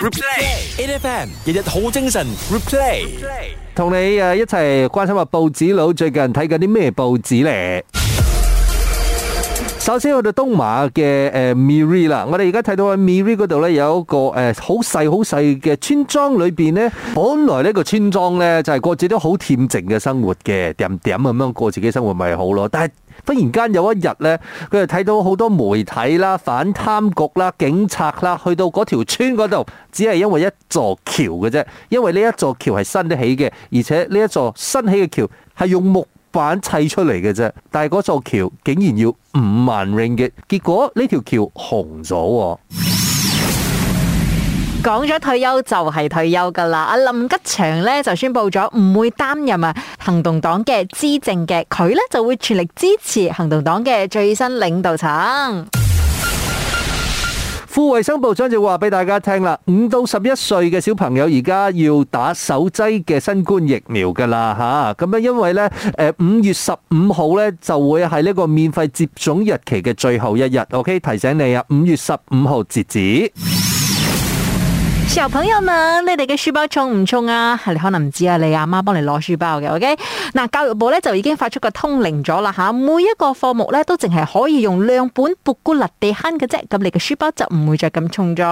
Replay，A F M，日日好精神。Replay，同你誒一齊關心下報紙佬最近睇緊啲咩報紙呢？首先去到東馬嘅 Miri 啦，我哋而家睇到喺 Miri 嗰度咧有一個誒好細好細嘅村莊裏面咧，本來呢個村莊咧就係各自都好恬靜嘅生活嘅，點點咁樣過自己生活咪好咯，但係忽然間有一日咧，佢就睇到好多媒體啦、反貪局啦、警察啦，去到嗰條村嗰度，只係因為一座橋嘅啫，因為呢一座橋係新起嘅，而且呢一座新起嘅橋係用木。反砌出嚟嘅啫，但係嗰座橋竟然要五萬 ring 嘅，結果呢條橋紅咗。講咗退休就係、是、退休噶啦，阿林吉祥咧就宣布咗唔會擔任啊行動黨嘅資政嘅，佢咧就會全力支持行動黨嘅最新領導層。副衛生部長就話俾大家聽啦，五到十一歲嘅小朋友而家要打首劑嘅新冠疫苗噶啦吓，咁因為呢，誒五月十五號呢就會係呢個免費接種日期嘅最後一日，OK 提醒你啊，五月十五號截止。小朋友們，你哋嘅書包重唔重啊？你可能唔知啊，你阿媽幫你攞書包嘅，OK？嗱，教育部咧就已經發出個通靈咗啦，吓，每一個科目咧都淨係可以用兩本薄古立地慳嘅啫，咁你嘅書包就唔會再咁重咗。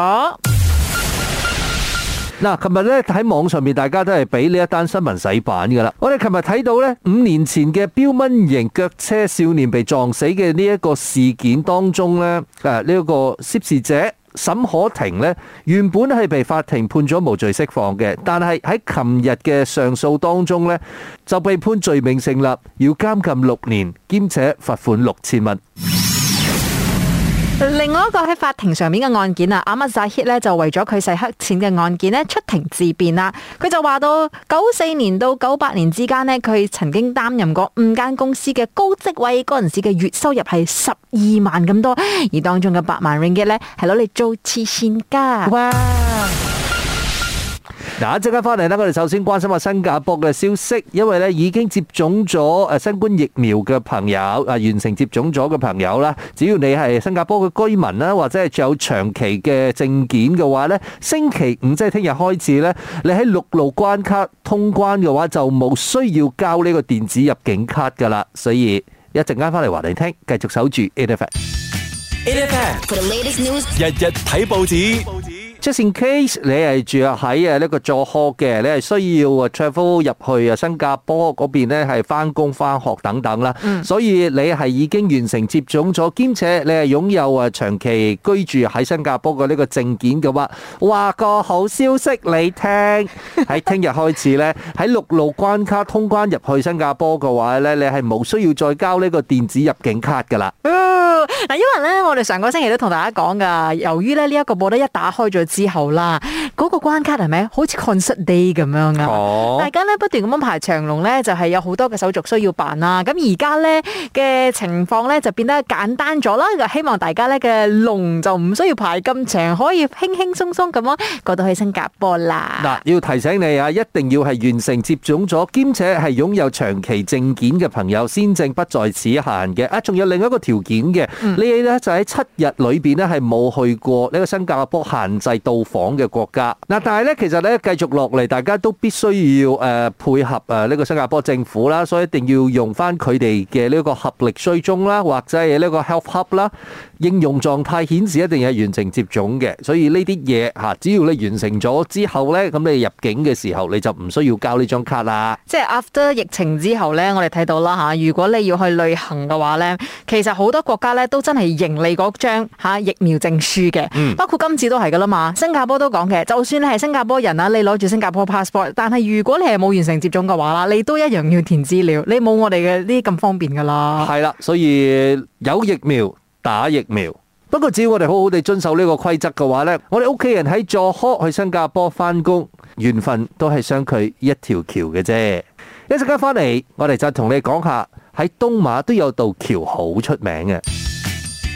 嗱，琴日咧喺網上面，大家都係俾呢一單新聞洗版噶啦。我哋琴日睇到咧，五年前嘅標蚊型腳車少年被撞死嘅呢一個事件當中咧，誒呢一個涉事者。沈可婷呢，原本係被法庭判咗無罪釋放嘅，但係喺琴日嘅上訴當中呢，就被判罪名成立，要監禁六年，兼且罰款六千蚊。另外一個喺法庭上面嘅案件啊，阿麥薩希咧就為咗佢洗黑錢嘅案件咧出庭自辯啦。佢就話到九四年到九八年之間咧，佢曾經擔任過五間公司嘅高職位，嗰陣時嘅月收入係十二萬咁多，而當中嘅八萬 ringgit 係攞嚟做慈善家。嗱，一陣間翻嚟啦。我哋首先關心下新加坡嘅消息，因為咧已經接種咗誒新冠疫苗嘅朋友，啊完成接種咗嘅朋友啦，只要你係新加坡嘅居民啦，或者係仲有長期嘅證件嘅話咧，星期五即係聽日開始咧，你喺陸路關卡通關嘅話就冇需要交呢個電子入境卡噶啦。所以一陣間翻嚟話你聽，繼續守住。itv itv 日日睇報紙。Just in case 你係住喺誒呢個組屋嘅，你係需要啊 travel 入去啊新加坡嗰邊咧係翻工翻學等等啦，嗯，所以你係已經完成接種咗，兼且你係擁有啊長期居住喺新加坡嘅呢個證件嘅話，話個好消息你聽，喺聽日開始咧喺陸路關卡通關入去新加坡嘅話咧，你係冇需要再交呢個電子入境卡噶啦。嗱，因為咧我哋上個星期都同大家講噶，由於咧呢一、呢個 border 一打開咗。之後啦，嗰個關卡係咪好似 consult day 咁樣啊、哦？大家咧不斷咁樣排長龍咧，就係有好多嘅手續需要辦啦。咁而家咧嘅情況咧就變得簡單咗啦。希望大家咧嘅龍就唔需要排咁長，可以輕輕鬆鬆咁樣過到去新加坡啦。嗱，要提醒你啊，一定要係完成接種咗，兼且係擁有長期證件嘅朋友先正不在此限嘅。啊，仲有另一個條件嘅，你咧就喺七日裏邊咧係冇去過呢個新加坡限制到訪嘅國家，嗱，但係咧，其實咧，繼續落嚟，大家都必須要、呃、配合呢個新加坡政府啦，所以一定要用翻佢哋嘅呢個合力追蹤啦，或者係呢個 Health Hub 啦。應用狀態顯示一定係完成接種嘅，所以呢啲嘢，吓，只要你完成咗之後呢，咁你入境嘅時候，你就唔需要交呢張卡啦。即係 after 疫情之後呢，我哋睇到啦，吓，如果你要去旅行嘅話呢，其實好多國家呢都真係認你嗰張吓疫苗證書嘅，嗯，包括今次都係噶啦嘛。新加坡都講嘅，就算你係新加坡人啦，你攞住新加坡 passport，但係如果你係冇完成接種嘅話啦，你都一樣要填資料，你冇我哋嘅呢咁方便噶啦。係啦，所以有疫苗。打疫苗，不過只要我哋好好地遵守呢個規則嘅話呢，我哋屋企人喺座呵去新加坡返工，緣分都係相距一條橋嘅啫。一陣間翻嚟，我哋就同你講下喺東馬都有道橋好出名嘅。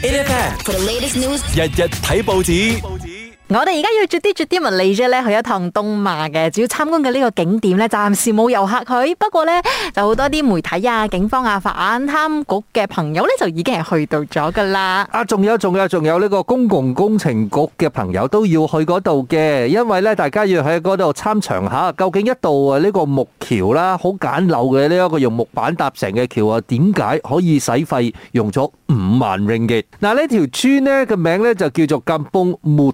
日日睇報紙。我哋而家要著啲著啲物嚟啫咧，去一趟東馬嘅主要參觀嘅呢個景點咧，暫時冇遊客去。不過咧就好多啲媒體啊、警方啊、反貪局嘅朋友咧，就已經係去到咗噶啦。啊，仲有仲有仲有呢個公共工程局嘅朋友都要去嗰度嘅，因為咧大家要喺嗰度參詳下究竟一道啊呢個木橋啦，好簡陋嘅呢一個用木板搭成嘅橋啊，點解可以使費用咗五萬令吉？嗱呢條村咧個名咧就叫做金崩木。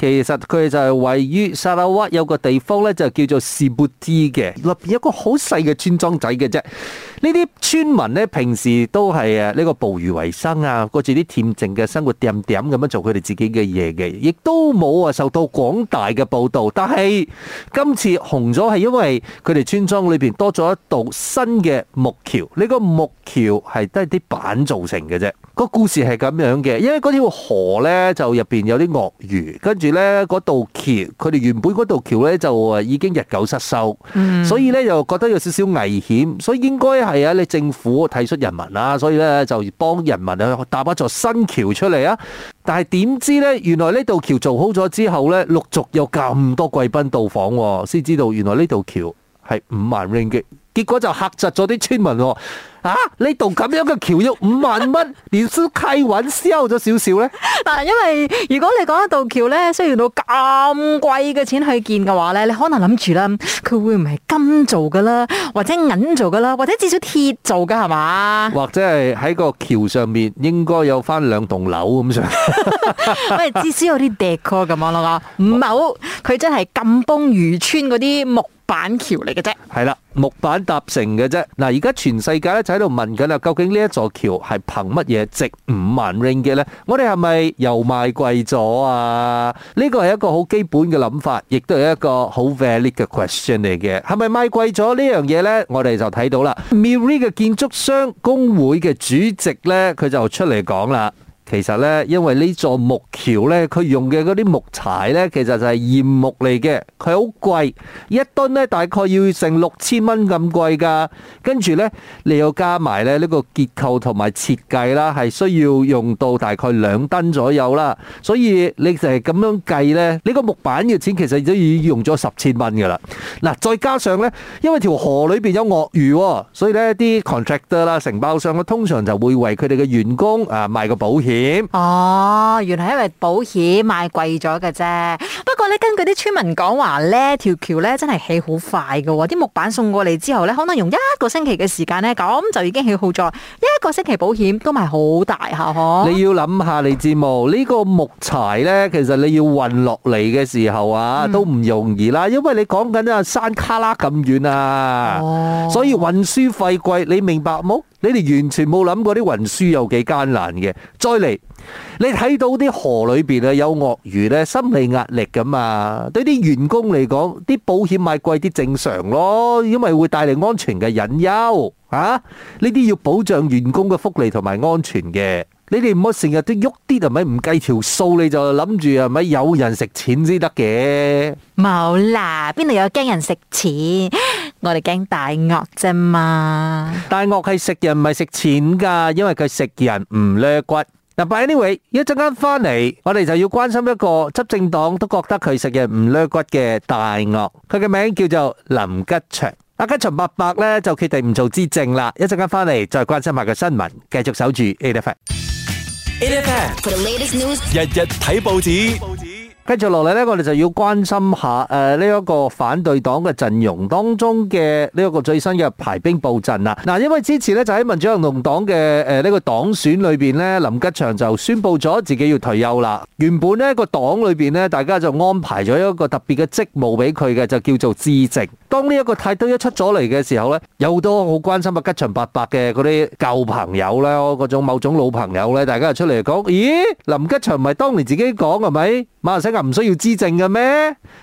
其實佢就係位於沙拉灣有個地方咧，就叫做士布 t 嘅，入邊有個好細嘅村莊仔嘅啫。呢啲村民咧，平時都係誒呢個捕魚為生啊，過住啲恬靜嘅生活，點點咁樣做佢哋自己嘅嘢嘅，亦都冇啊受到廣大嘅報道，但係今次紅咗係因為佢哋村莊裡邊多咗一道新嘅木橋呢、這個木橋係都係啲板造成嘅啫。個故事係咁樣嘅，因為嗰河咧就入邊有啲鱷魚跟住。咧嗰道橋，佢哋原本嗰道橋咧就已經日久失修，嗯，所以咧又覺得有少少危險，所以應該係啊，你政府體恤人民啦，所以咧就幫人民去搭一座新橋出嚟啊！但係點知咧，原來呢道橋做好咗之後咧，陸續有咁多貴賓到訪，先知道原來呢道橋係五萬 ring 結果就吓窒咗啲村民喎，呢、啊、你度咁樣嘅橋要五萬蚊，連啲契穩燒咗少少咧？ 但係因為如果你講一道橋咧，雖然到咁貴嘅錢去建嘅話咧，你可能諗住啦，佢會唔係金做噶啦，或者銀做噶啦，或者至少鐵做噶係嘛？或者係喺個橋上面應該有翻兩棟樓咁上？喂， 至少有啲 decor 咁樣唔好，佢、哦、真係咁崩如村嗰啲木。板橋嚟嘅啫。係啦，木板搭成嘅啫。嗱，而家全世界咧就喺度問緊啦，究竟呢一座橋係憑乜嘢值五萬ですね, ring 其實呢，因為呢座木橋呢，佢用嘅嗰啲木材呢，其實就係鹽木嚟嘅，佢好貴，一噸呢大概要成六千蚊咁貴噶。跟住呢，你又加埋咧呢、這個結構同埋設計啦，係需要用到大概兩噸左右啦。所以你就係咁樣計呢，呢個木板嘅錢其實都已經用咗十千蚊噶啦。嗱，再加上呢，因為條河裏邊有鱷魚、哦，所以呢啲 contractor 啦、承包商咧，通常就會為佢哋嘅員工啊買個保險。哦，原來因為保險賣貴咗嘅啫。不過咧，根據啲村民講話咧，條橋咧真係起好快嘅。啲木板送過嚟之後咧，可能用一個星期嘅時間咧，咁就已經起好咗。一個星期保險都賣好大下嗬。你要諗下，你知冇呢個木材咧，其實你要運落嚟嘅時候啊，都唔容易啦。因為你講緊啊山卡拉咁遠啊，哦，所以運輸費貴，你明白冇？你哋完全冇諗過啲運輸有幾艱難嘅，再嚟你睇到啲河裏邊啊有鱷魚咧，心理壓力噶嘛？對啲員工嚟講，啲保險買貴啲正常咯，因為會帶嚟安全嘅隱憂啊！呢啲要保障員工嘅福利同埋安全嘅，你哋唔好成日都喐啲係咪？唔計條數，你就諗住係咪有人食錢先得嘅？冇啦，邊度有驚人食錢？我哋驚大鱷啫嘛，大鱷係食人唔係食錢噶，因為佢食人唔掠骨。嗱，But anyway，一陣間翻嚟，我哋就要關心一個執政黨都覺得佢食人唔掠骨嘅大鱷，佢嘅名叫做林吉祥。阿吉祥伯伯咧就決定唔做資政啦。一陣間翻嚟再關心下個新聞，繼續守住 at the fact，at the fact，for the latest news，日日睇報紙。繼續落嚟呢，我哋就要關心下誒，呢一個反對黨嘅陣容當中嘅呢一個最新嘅排兵布陣啦。嗱，因為之前呢，就喺民主行動黨嘅誒呢個黨選裏邊呢，林吉祥就宣布咗自己要退休啦。原本呢個黨裏邊呢，大家就安排咗一個特別嘅職務俾佢嘅，就叫做資政。當呢一個太都一出咗嚟嘅時候呢，有好多好關心阿吉祥伯伯嘅嗰啲舊朋友呢，嗰種某種老朋友呢，大家就出嚟講：，咦，林吉祥唔係當年自己講係咪馬來西亞？唔需要資政嘅咩？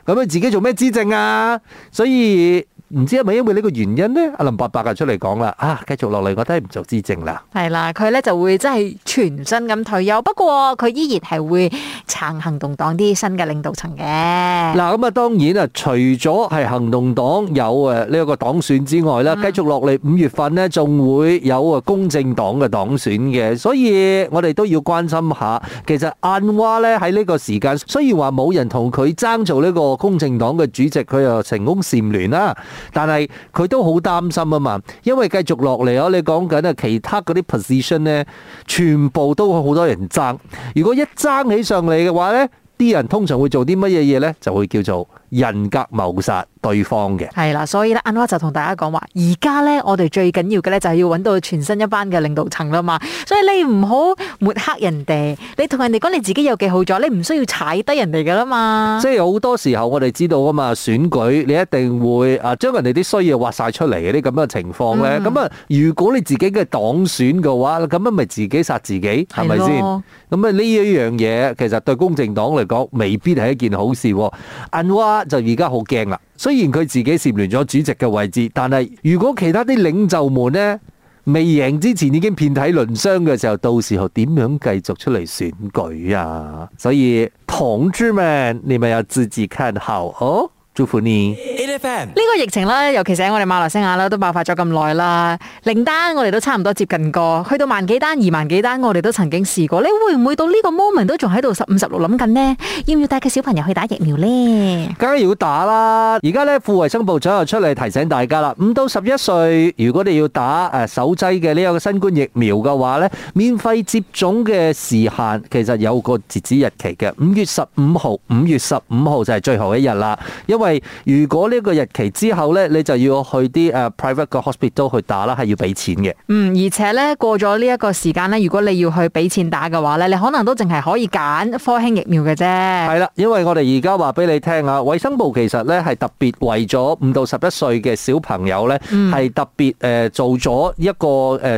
咁佢自己做咩資政啊？所以。唔知係咪因為呢個原因咧？阿林伯伯啊，出嚟講啦，啊，繼續落嚟，我都係唔做資政啦。係啦，佢咧就會真係全身咁退休。不過佢依然係會撐行動黨啲新嘅領導層嘅。嗱，咁啊，當然啊，除咗係行動黨有誒呢一個黨選之外啦，繼續落嚟五月份咧，仲會有公正黨嘅黨選嘅。所以我哋都要關心下。其實安華咧喺呢個時間，雖然話冇人同佢爭做呢個公正黨嘅主席，佢又成功蟬聯啦。但係佢都好擔心啊嘛，因為繼續落嚟你講緊啊，其他嗰啲 position 呢，全部都好多人爭。如果一爭起上嚟嘅話呢，啲人通常會做啲乜嘢嘢呢？就會叫做。人格謀殺對方嘅係啦，所以咧，安娃就同大家講話，而家咧，我哋最緊要嘅咧就係要揾到全新一班嘅領導層啦嘛。所以你唔好抹黑人哋，你同人哋講你自己有幾好咗，你唔需要踩低人哋噶啦嘛。即係好多時候我哋知道噶嘛，選舉你一定會啊，將人哋啲衰嘢挖晒出嚟嗰啲咁嘅情況咧。咁啊，如果你自己嘅黨選嘅話，咁樣咪自己殺自己，係咪先？咁啊，呢一樣嘢其實對公正黨嚟講，未必係一件好事，啊。喎。就而家好驚啦，雖然佢自己蟬聯咗主席嘅位置，但係如果其他啲領袖們呢，未贏之前已經遍體鱗傷嘅時候，到時候點樣繼續出嚟選舉啊？所以同志們，你們要自己看好哦。做款呢？呢個疫情呢，尤其是喺我哋馬來西亞啦，都爆發咗咁耐啦。零單我哋都差唔多接近過，去到萬幾單、二萬幾單，我哋都曾經試過。你會唔會到呢個 moment 都仲喺度十五、十六諗緊呢？要唔要帶個小朋友去打疫苗呢？梗係要打啦！而家呢，副衛生部長又出嚟提醒大家啦。五到十一歲，如果你要打誒首劑嘅呢個新冠疫苗嘅話呢，免費接種嘅時限其實有個截止日期嘅。五月十五號，五月十五號就係最後一日啦，因為。係，如果呢個日期之後呢，你就要去啲誒 private hospital 去打啦，係要俾錢嘅。嗯，而且呢，過咗呢一個時間呢，如果你要去俾錢打嘅話呢，你可能都淨係可以揀科興疫苗嘅啫。係啦，因為我哋而家話俾你聽啊，衛生部其實呢係特別為咗五到十一歲嘅小朋友呢，係、嗯、特別做咗一個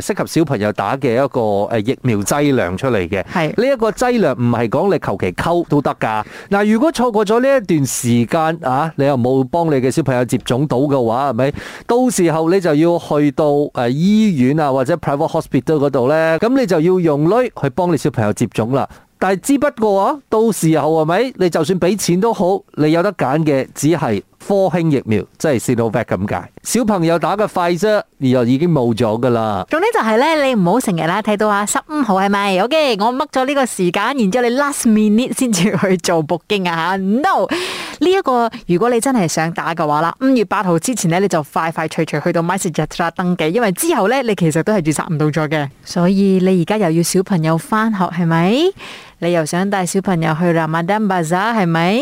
誒適合小朋友打嘅一個誒疫苗劑量出嚟嘅。係，呢、這、一個劑量唔係講你求其溝都得㗎。嗱，如果錯過咗呢一段時間啊～你又冇幫你嘅小朋友接種到嘅話，係咪到時候你就要去到誒醫院啊或者 private hospital 嗰度咧？咁你就要用鐳去幫你小朋友接種啦。但係之不過啊，到時候係咪你就算俾錢都好，你有得揀嘅只係。科興疫苗真係四到八咁解，小朋友打嘅快啫，而又已經冇咗噶啦。重點就係咧，你唔好成日啦睇到啊十五號係咪？OK，我 mark 咗呢個時間，然之後你 last minute 先至去做卜京啊吓。No，呢、這、一個如果你真係想打嘅話啦，五月八號之前咧你就快快脆脆去到 MySage 註冊登記，因為之後咧你其實都係註冊唔到咗嘅。所以你而家又要小朋友翻學係咪？是不是？你又想帶小朋友去 Ramadan Bazaar 係咪？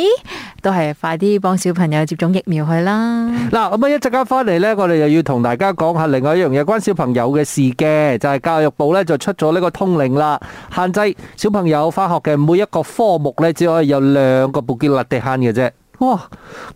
都係快啲幫小朋友接種疫苗去啦。嗱咁啊，一陣間翻嚟呢，我哋又要同大家講下另外一樣有關小朋友嘅事嘅，就係、是、教育部呢就出咗呢個通令啦，限制小朋友翻學嘅每一個科目呢，只可以有兩個 buku latihan 嘅啫。哇，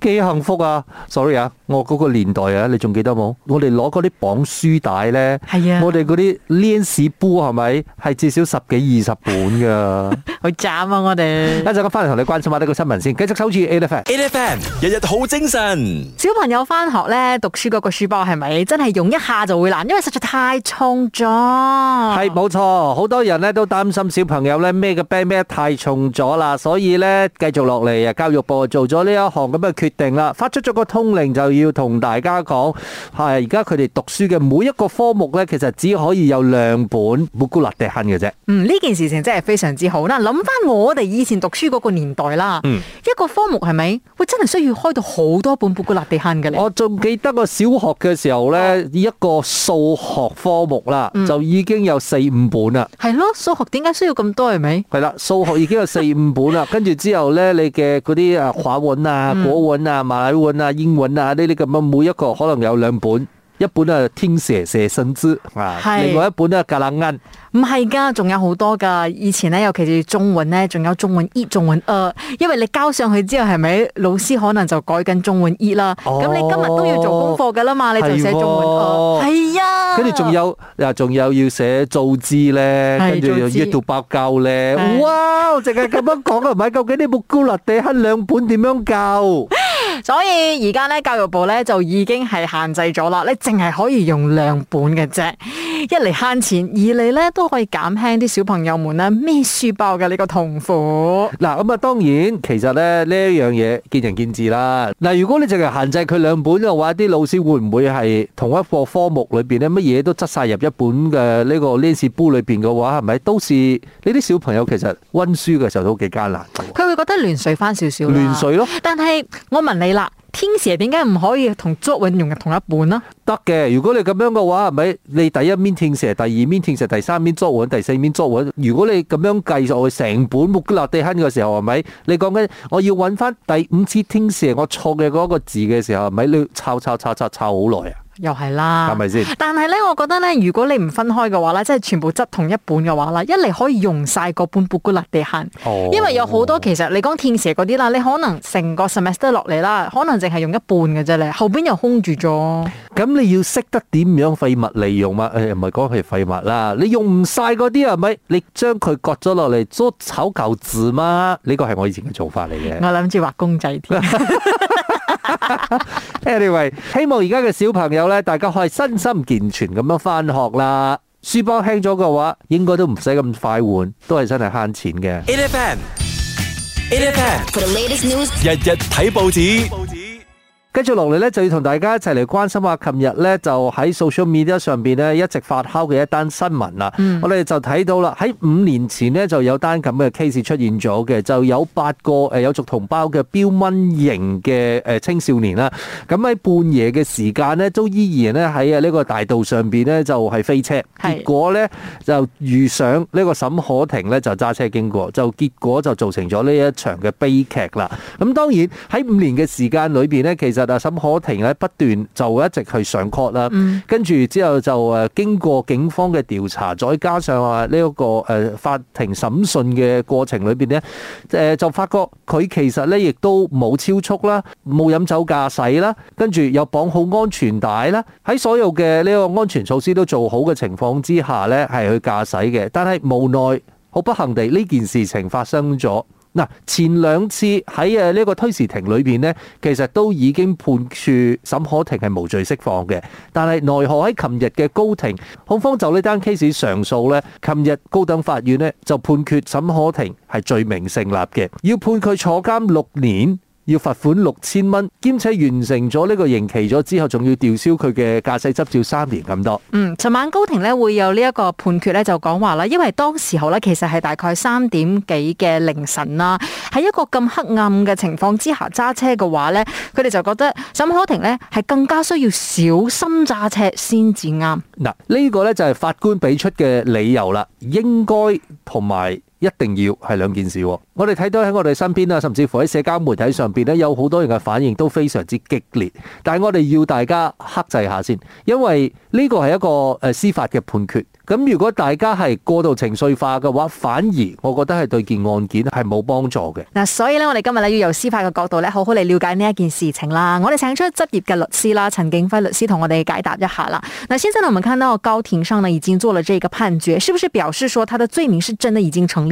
幾幸福啊！sorry 啊，我嗰個年代啊，你仲記得冇？我哋攞嗰啲綁書帶咧，係啊，我哋嗰啲 lanse book 係咪？係至少十幾二十本噶，好 慘啊！我哋一陣間翻嚟同你關心下呢個新聞先，繼續收住 elephant elephant，日日好精神。小朋友翻學咧，讀書嗰個書包係咪真係用一下就會爛？因為實在太重咗。係冇錯，好多人咧都擔心小朋友咧咩嘅 bag 咩太重咗啦，所以咧繼續落嚟啊，教育部做咗呢。呢一行咁嘅決定啦，發出咗個通令就要同大家講，係而家佢哋讀書嘅每一個科目咧，其實只可以有兩本布古立地亨嘅啫。嗯，呢件事情真係非常之好啦。諗翻我哋以前讀書嗰個年代啦、嗯，一個科目係咪？會真係需要開到好多本布古立地亨嘅咧。我仲記得我小學嘅時候咧，一個數學科目啦、嗯，就已經有四五本啦。係咯，數學點解需要咁多係咪？係啦，數學已經有四五本啦，跟 住之後咧，你嘅嗰啲啊畫啊，國文啊，馬來文啊，英文啊，呢啲咁啊，每一個可能有兩本。一本啊，天蛇蛇信子啊，另外一本都係格蘭恩，唔係噶，仲有好多噶。以前咧，尤其是中文咧，仲有中文 e、中文 e，因為你交上去之後，係咪老師可能就改緊中文 e 啦？咁你今日都要做功課噶啦嘛，你就寫中文 e，係啊。跟住仲有啊，仲有要寫造字咧，跟住要讀白教咧。哇！淨係咁樣講啊，唔係？究竟呢木瓜落地黑兩本點樣教？所以而家咧，教育部咧就已經係限制咗啦，你淨係可以用兩本嘅啫，一嚟慳錢，二嚟咧都可以減輕啲小朋友們咧孭書包嘅呢個痛苦。嗱，咁啊，當然其實咧呢一樣嘢見仁見智啦。嗱，如果你淨係限制佢兩本嘅話，啲老師會唔會係同一課科目裏邊咧乜嘢都執晒入一本嘅呢個練習簿裏邊嘅話，係咪都是呢啲小朋友其實溫書嘅時候都幾艱難？佢會覺得亂水翻少少。亂水咯。但係我問你。啦，聽寫點解唔可以同作文用同一本呢？得嘅。如果你咁樣嘅話，係咪你第一面聽寫，第二面聽寫，第三面作文，第四面作文？如果你咁樣計在成本木立地慳嘅時候，係咪？你講緊我要揾翻第五次聽寫我錯嘅嗰個字嘅時候，咪你抄抄抄抄抄好耐啊！又係啦，係咪先？但係咧，我覺得咧，如果你唔分開嘅話咧，即係全部執同一本嘅話啦，一嚟可以用晒嗰半布谷粒地行、哦，因為有好多其實你講天蛇嗰啲啦，你可能成個 semester 落嚟啦，可能淨係用一半嘅啫，你後邊又空住咗。咁你要識得點樣廢物利用嘛？誒、哎，唔係講佢廢物啦，你用唔晒嗰啲係咪？你將佢割咗落嚟捉丑球字嘛？呢個係我以前嘅做法嚟嘅。我諗住畫公仔添。 Anyway，希望而家嘅小朋友咧，大家可以身心健全咁樣翻學啦。書包輕咗嘅話，應該都唔使咁快換，都係真係慳錢嘅。For the latest news，日日睇報紙。跟住落嚟咧，就要同大家一齊嚟關心下，琴日咧就喺 social media 上邊咧一直發酵嘅一單新聞啦。我哋就睇到啦，喺五年前咧就有單咁嘅 case 出現咗嘅，就有八個誒友族同胞嘅標蚊型嘅誒青少年啦。咁喺半夜嘅時間咧，都依然咧喺啊呢個大道上邊咧就係飛車，結果咧就遇上呢個沈可婷咧就揸車經過，就結果就造成咗呢一場嘅悲劇啦。咁當然喺五年嘅時間裏邊咧，其實。阿沈可婷咧不斷就一直去上 court 啦，跟住之後就誒經過警方嘅調查，再加上啊呢一個誒法庭審訊嘅過程裏邊呢，誒就發覺佢其實呢亦都冇超速啦，冇飲酒駕駛啦，跟住又綁好安全帶啦，喺所有嘅呢個安全措施都做好嘅情況之下呢，係去駕駛嘅，但係無奈好不幸地呢件事情發生咗。嗱，前兩次喺誒呢個推事庭裏邊呢，其實都已經判處沈可婷係無罪釋放嘅，但係奈何喺琴日嘅高庭，控方就呢單 case 上訴呢，琴日高等法院呢就判決沈可婷係罪名成立嘅，要判佢坐監六年。要罰款六千蚊，兼且完成咗呢個刑期咗之後，仲要吊銷佢嘅駕駛執照三年咁多。嗯，尋晚高庭咧，會有呢一個判決咧，就講話啦，因為當時候咧，其實係大概三點幾嘅凌晨啦，喺一個咁黑暗嘅情況之下揸車嘅話呢，佢哋就覺得沈可婷咧，係更加需要小心揸車先至啱。嗱，呢個呢，就係法官俾出嘅理由啦，應該同埋。一定要係兩件事，我哋睇到喺我哋身邊啊，甚至乎喺社交媒體上邊呢，有好多人嘅反應都非常之激烈。但係我哋要大家克制一下先，因為呢個係一個司法嘅判決。咁如果大家係過度情緒化嘅話，反而我覺得係對件案件係冇幫助嘅。嗱，所以呢，我哋今日呢，要由司法嘅角度咧，好好嚟了解呢一件事情啦。我哋請出了執業嘅律師啦，陳景輝律師同我哋解答一下啦。嗱，先生，我們看到高庭上呢已經做了這個判決，是不是表示說他的罪名是真的已經成立？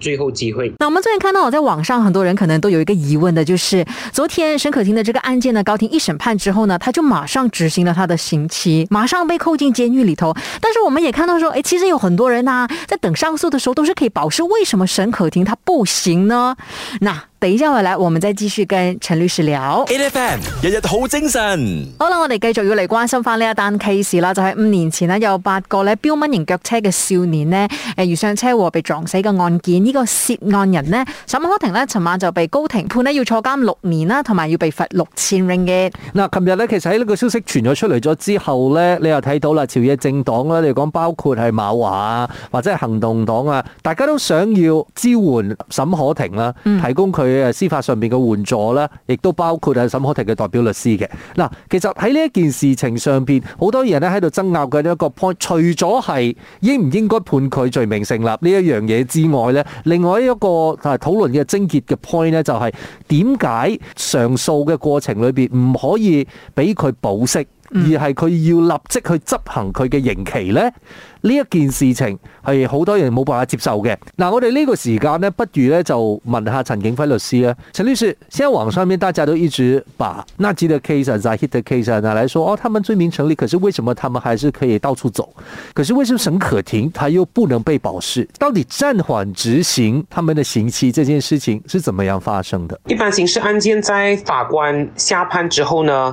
最後機會。那我們最近看到，在網上很多人可能都有一個疑問的，就是昨天沈可婷的這個案件呢，高庭一審判之後呢，他就馬上執行了他的刑期，馬上被扣進監獄裏頭。但是我們也看到說，哎，其實有很多人呢、啊，在等上訴的時候都是可以保釋，為什麼沈可婷他不行呢？那等一下回來，我們再繼續跟陳律師聊天天。A F M 日日好精神。 好啦，我哋繼續要嚟關心返呢一單 case 啦，就喺五年前有呢，有八個咧標蚊型腳車嘅少年呢，誒、呃、遇上車禍被撞死嘅案件。呢、這個涉案人呢，沈可婷呢，尋晚就被高庭判呢，要坐監六年啦，同埋要被罰六千令吉嘅。嗱，琴日呢，其實喺呢個消息傳咗出嚟咗之後呢，你又睇到啦，朝野政黨啦，你講，包括係馬華啊，或者係行動黨啊，大家都想要支援沈可婷啦，提供佢司法上面嘅援助啦，亦、嗯、都包括係沈可婷嘅代表律師嘅。嗱，其實喺呢一件事情上面，好多人呢喺度爭拗嘅一個 point，除咗係應唔應該判佢罪名成立呢一樣嘢之外呢。另外一個係討論嘅癥結嘅 point 呢，就係點解上訴嘅過程裏邊唔可以俾佢保釋？而係佢要立即去執行佢嘅刑期咧，呢一件事情係好多人冇辦法接受嘅。嗱，我哋呢個時間呢，不如咧就問下陳景輝律師啊。陳律師，現在網上面大家都一直把納吉嘅 case 啊、阿希特嘅 case 啊，來說哦，他們罪名成立，可是為什麼他們還是可以到處走？可是為什麼沈可婷他又不能被保釋？到底暫緩執行他們嘅刑期，這件事情是怎麼樣發生的？一般刑事案件在法官下判之後呢？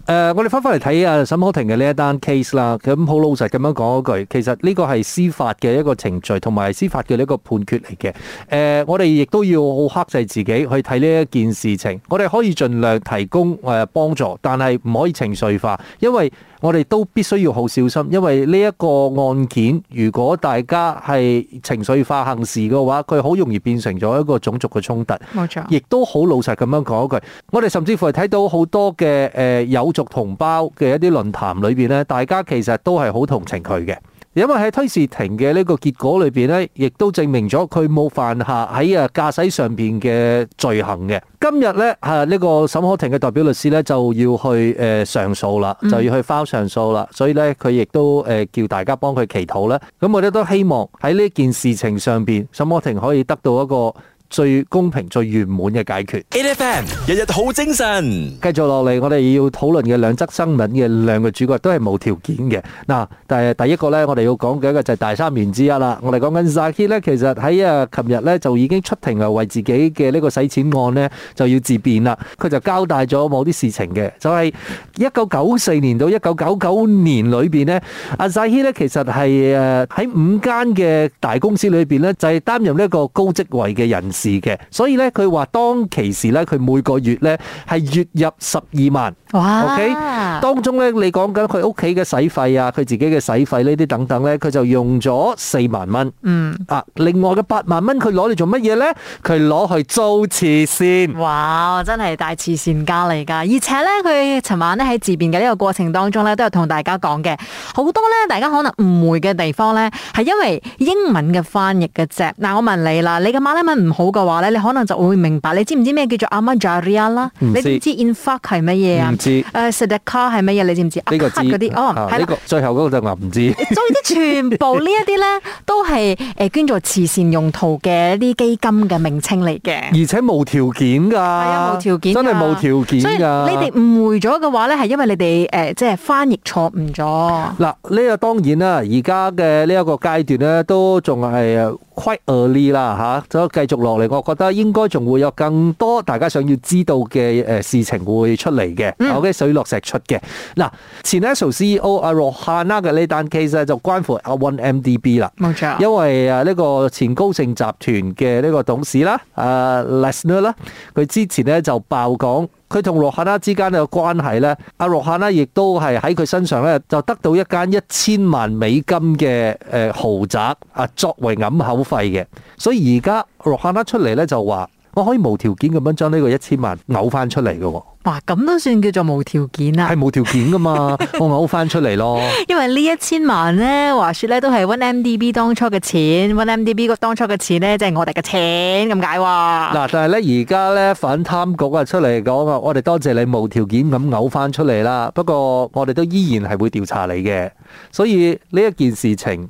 誒，我哋翻返嚟睇阿沈可婷嘅呢一單 case 啦。咁好老實咁樣講一句，其實呢個係司法嘅一個程序，同埋司法嘅一個判決嚟嘅。誒，我哋亦都要好克制自己去睇呢一件事情。我哋可以盡量提供誒幫助，但係唔可以情緒化，因為我哋都必須要好小心，因為呢一個案件如果大家係情緒化行事嘅話，佢好容易變成咗一個種族嘅衝突。冇錯，亦都好老實咁樣講一句，我哋甚至乎係睇到好多嘅誒有。同胞嘅一啲論壇裏邊咧，大家其實都係好同情佢嘅，因為喺推事庭嘅呢個結果裏邊咧，亦都證明咗佢冇犯下喺駕駛上面嘅罪行嘅。今日咧吓，呢個沈可婷嘅代表律師咧就要去誒上訴啦，就要去 file 上訴啦，所以咧佢亦都誒叫大家幫佢祈禱咧。咁我哋都希望喺呢件事情上邊，沈可婷可以得到一個。最公平、最圓滿嘅解決。N.F.M. 日日好精神。繼續落嚟，我哋要討論嘅兩則新聞嘅兩個主角都係無條件嘅。嗱，但係第一個呢，我哋要講嘅一個就係大三元之一啦。我哋講緊阿薩希呢，其實喺啊，琴日呢，就已經出庭啊，為自己嘅呢個洗錢案呢，就要自辯啦。佢就交代咗某啲事情嘅，就係一九九四年到一九九九年裏邊呢，阿薩希呢，其實係喺五間嘅大公司裏面呢，就係、是、擔任呢個高職位嘅人。嘅，所以咧佢話當其時咧，佢每個月咧係月入十二萬。哇！O、okay? K，當中咧你講緊佢屋企嘅使費啊，佢自己嘅使費呢啲等等咧，佢就用咗四萬蚊。嗯，啊，另外嘅八萬蚊佢攞嚟做乜嘢咧？佢攞去租慈善。哇！真係大慈善家嚟噶，而且咧佢尋晚咧喺自辯嘅呢個過程當中咧，都有同大家講嘅好多咧，大家可能誤會嘅地方咧，係因為英文嘅翻譯嘅啫。嗱，我問你啦，你嘅馬來文唔好？嘅話咧，你可能就會明白。你知唔知咩叫做 Amajaria 啦？唔知。你知 In fact 係乜嘢啊？唔知。誒，Sedekah 係乜嘢？你知唔知？呢個知。啲哦，係啦。最後嗰個就話唔知。所以啲全部呢一啲咧，都係誒捐助慈善用途嘅一啲基金嘅名稱嚟嘅。而且無條件噶。係啊，無條件的。真係無條件噶。所以你哋誤會咗嘅話咧，係因為你哋誒、呃、即係翻譯錯誤咗。嗱，呢個當然啦，而家嘅呢一個階段咧，都仲係。quite early 啦、啊、嚇，咁繼續落嚟，我覺得應該仲會有更多大家想要知道嘅事情會出嚟嘅，OK 水落石出嘅。嗱，前 a p p l CEO 阿羅漢拉嘅呢單 case 咧，就關乎阿 OneMDB 啦，冇錯，因為呢個前高盛集團嘅呢個董事啦，誒 Lesner 啦，佢之前咧就爆講。佢同洛克哈之間嘅關係呢，阿洛克哈亦都係喺佢身上呢，就得到一間一千萬美金嘅誒豪宅啊，作為揞口費嘅，所以而家洛克哈出嚟呢就話。我可以無條件咁樣將呢個一千萬嘔翻出嚟嘅，哇！咁都算叫做無條件啦，係無條件噶嘛，我嘔翻出嚟咯。因為呢一千萬呢，話說呢都係 OneMDB 當初嘅錢，OneMDB 當初嘅錢呢，即係我哋嘅錢咁解哇。嗱，但係呢，而家呢，反貪局啊出嚟講啊，我哋多謝你無條件咁嘔翻出嚟啦。不過我哋都依然係會調查你嘅，所以呢一件事情。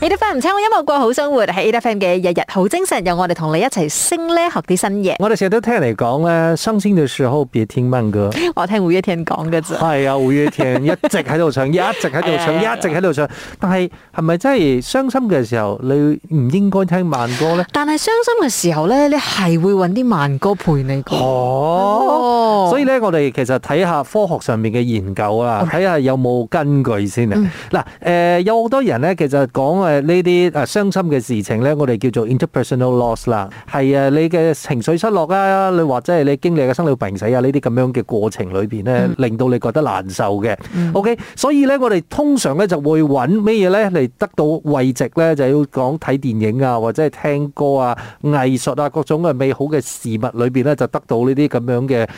你都 f 唔聽我音樂過好生活，喺 A！的 f u 嘅日日好精神，由我哋同你一齊升咧，學啲新嘢。我哋成日都聽人講咧，傷心嘅時候別聽慢歌。我聽五月天講嘅啫。係啊，五月天一直喺度唱， 唱， 唱，一直喺度唱，一直喺度唱。但係係咪真係傷心嘅時候你唔應該聽慢歌咧？但係傷心嘅時候咧，你係會揾啲慢歌陪你歌哦。哦，所以咧，我哋其實睇下科學上面嘅研究啊，睇下有冇根據先啊。嗱、嗯，誒、嗯呃呃，有好多人咧，其實講。誒呢啲誒傷心嘅事情咧，我哋叫做 interpersonal loss 啦。係啊，你嘅情緒失落啊，你或者係你經歷嘅生老病死啊，呢啲咁樣嘅過程裏邊咧，令到你覺得難受嘅。OK，所以咧，我哋通常咧就會揾咩嘢咧嚟得到慰藉咧，就要講睇電影啊，或者係聽歌啊、藝術啊、各種嘅美好嘅事物裏邊咧，就得到呢啲咁樣嘅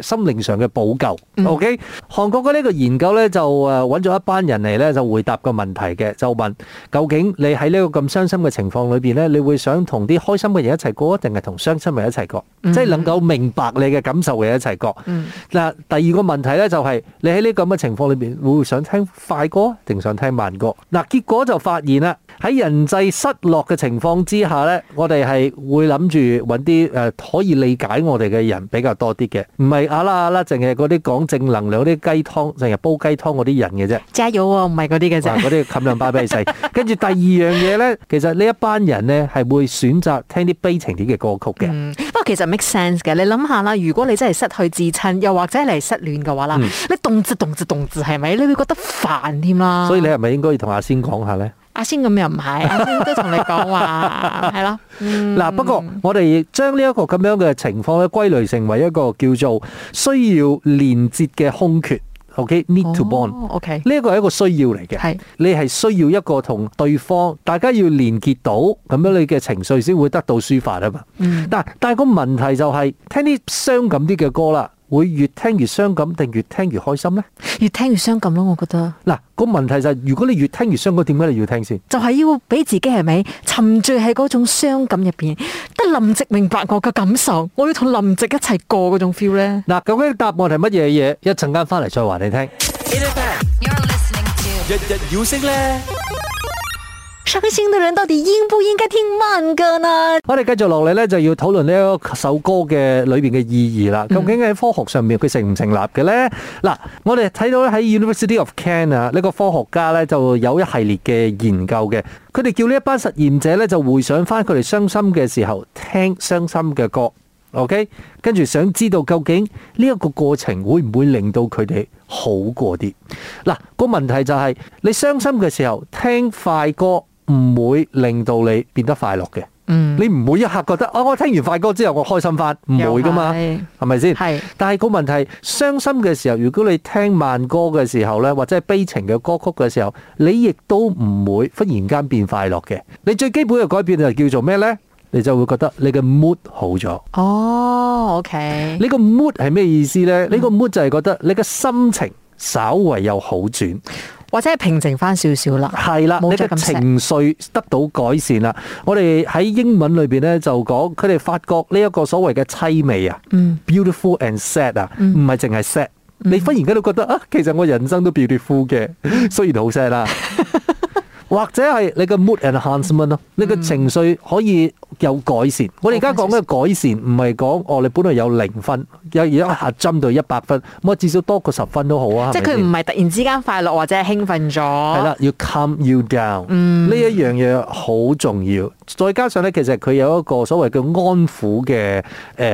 誒心靈上嘅補救。OK，韓國嘅呢個研究咧就誒揾咗一班人嚟咧就回答個問題嘅，就問究竟。你喺呢個咁傷心嘅情況裏邊咧，你會想同啲開心嘅人一齊過，定係同傷心嘅人一齊過？即係能夠明白你嘅感受嘅一齊過。嗯，嗱，第二個問題咧就係你喺呢咁嘅情況裏邊，會唔會想聽快歌，定想聽慢歌？嗱，結果就發現啦。喺人際失落嘅情況之下咧，我哋係會諗住揾啲誒可以理解我哋嘅人比較多啲嘅，唔係啊啦啊啦，淨係嗰啲講正能量啲雞湯，成日煲雞湯嗰啲人嘅啫。加油喎、啊，唔係嗰啲嘅啫。嗱、啊，嗰啲冚兩巴俾你食。 跟住第二樣嘢咧，其實呢一班人咧係會選擇聽啲悲情啲嘅歌曲嘅。不過其實 make sense 嘅，你諗下啦，如果你真係失去至親，又或者你失戀嘅話啦，你動之動之動之係咪？你會覺得煩添啦。所以你係咪應該要同阿仙講下咧？阿仙咁又唔係，都同你講話係咯。嗱，不過我哋將呢一個咁樣嘅情況咧，歸類成為一個叫做需要連接嘅空缺。OK，need to bond。OK，呢一個係一個需要嚟嘅。係，你係需要一個同對方，大家要連結到咁樣，你嘅情緒先會得到抒發啊嘛。嗯。但係，但係個問題就係聽啲傷感啲嘅歌啦。會越聽越傷感定越聽越開心呢？越聽越傷感咯，我覺得。嗱，個問題就係如果你越聽越傷感，點解你要聽先？就係要俾自己係咪沉醉喺嗰種傷感入邊，得林夕明白我嘅感受，我要同林夕一齊過嗰種 feel 呢？嗱，究竟答案係乜嘢嘢？一陣間翻嚟再話你聽。To... 日日要升呢？，傷心的人到底應不應該聽慢歌呢？我哋繼續落嚟咧，就要討論呢一首歌嘅裏面嘅意義啦。究竟喺科學上面佢成唔成立嘅呢？嗱、嗯，我哋睇到喺 mm -hmm. University of Kent okay? 唔會令到你變得快樂嘅、嗯，你唔會一刻覺得啊、哦！我聽完快歌之後我開心翻，唔會噶嘛，係咪先？係，但係個問題，傷心嘅時候，如果你聽慢歌嘅時候呢，或者係悲情嘅歌曲嘅時候，你亦都唔會忽然間變快樂嘅。你最基本嘅改變就叫做咩呢？你就會覺得你嘅 mood 好咗。哦，OK，你個 mood 係咩意思呢？嗯、你個 mood 就係覺得你嘅心情稍微有好轉。或者係平靜翻少少啦，係啦，你嘅情緒得到改善啦。我哋喺英文裏邊咧就講，佢哋發覺呢一個所謂嘅凄美啊、嗯，beautiful and sad 啊、嗯，唔係淨係 sad、嗯。你忽然間都覺得啊，其實我人生都 beautiful 嘅、嗯，雖然好 sad 啦。 或者係你嘅 mood enhancement 咯，你嘅情緒可以有改善，我哋而家講嘅改善唔係講哦，你本來有零分，有一下針對一百分，咁啊至少多過十分都好啊。即係佢唔係突然之間快樂或者興奮咗。係啦，要 calm you down，呢、嗯、一樣嘢好重要。再加上咧，其實佢有一個所謂嘅安撫嘅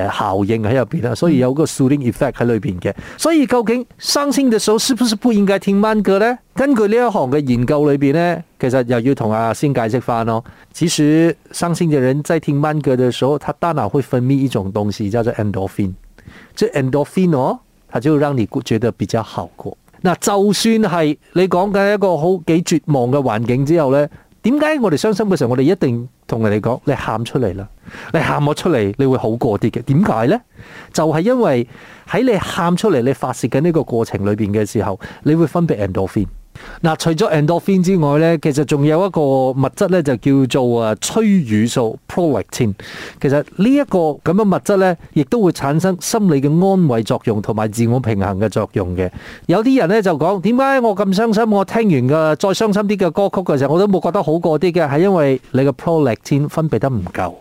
誒效應喺入邊啊，所以有個 soothing effect 喺裏邊嘅。所以究竟傷心嘅時候是不是不應該聽慢歌咧？根據呢一行嘅研究裏邊咧，其實又要同阿先解釋翻咯。只屬，傷心嘅人。即係聽慢歌嘅時候，他大腦會分泌一種東西叫做 endorphin，即係 endorphin 哦，它就會讓你覺得比較好過。那就算係你講緊一個好幾絕望嘅環境之後咧，點解我哋傷心嘅時候我哋一定同人哋講你喊出嚟啦，你喊我出嚟你，你會好過啲嘅。點解咧？就係因為喺你喊出嚟你發泄緊呢個過程裏邊嘅時候，你會分泌 endorphin。嗱，除咗 endorphin 之外呢，其實仲有一個物質呢，就叫做啊催乳素 prolactin。其實呢一個咁嘅物質呢，亦都會產生心理嘅安慰作用同埋自我平衡嘅作用嘅。有啲人呢，就講，點解我咁傷心？我聽完嘅再傷心啲嘅歌曲嘅時候，我都冇覺得好過啲嘅，係因為你嘅 prolactin 分泌得唔夠。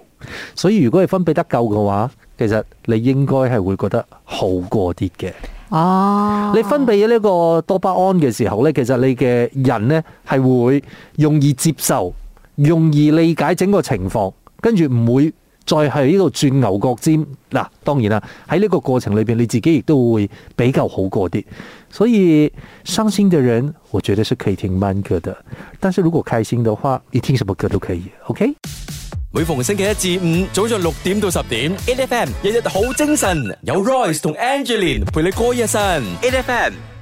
所以如果你分泌得夠嘅話，其實你應該係會覺得好過啲嘅。啊你分泌呢個多巴胺嘅時候呢，其實你嘅人呢係會容易接受、容易理解整個情況，跟住唔會再係呢度轉牛角尖嗱、啊。當然啦，喺呢個過程裏邊，你自己亦都會比較好過啲。所以傷心的人，我覺得是可以聽慢歌的。但是如果開心嘅話，你聽什麼歌都可以。OK。每逢星期一至五，早上六點到十點，A F M 日日好精神，有 Royce 同 Angeline 陪你歌一生。A F M。NFM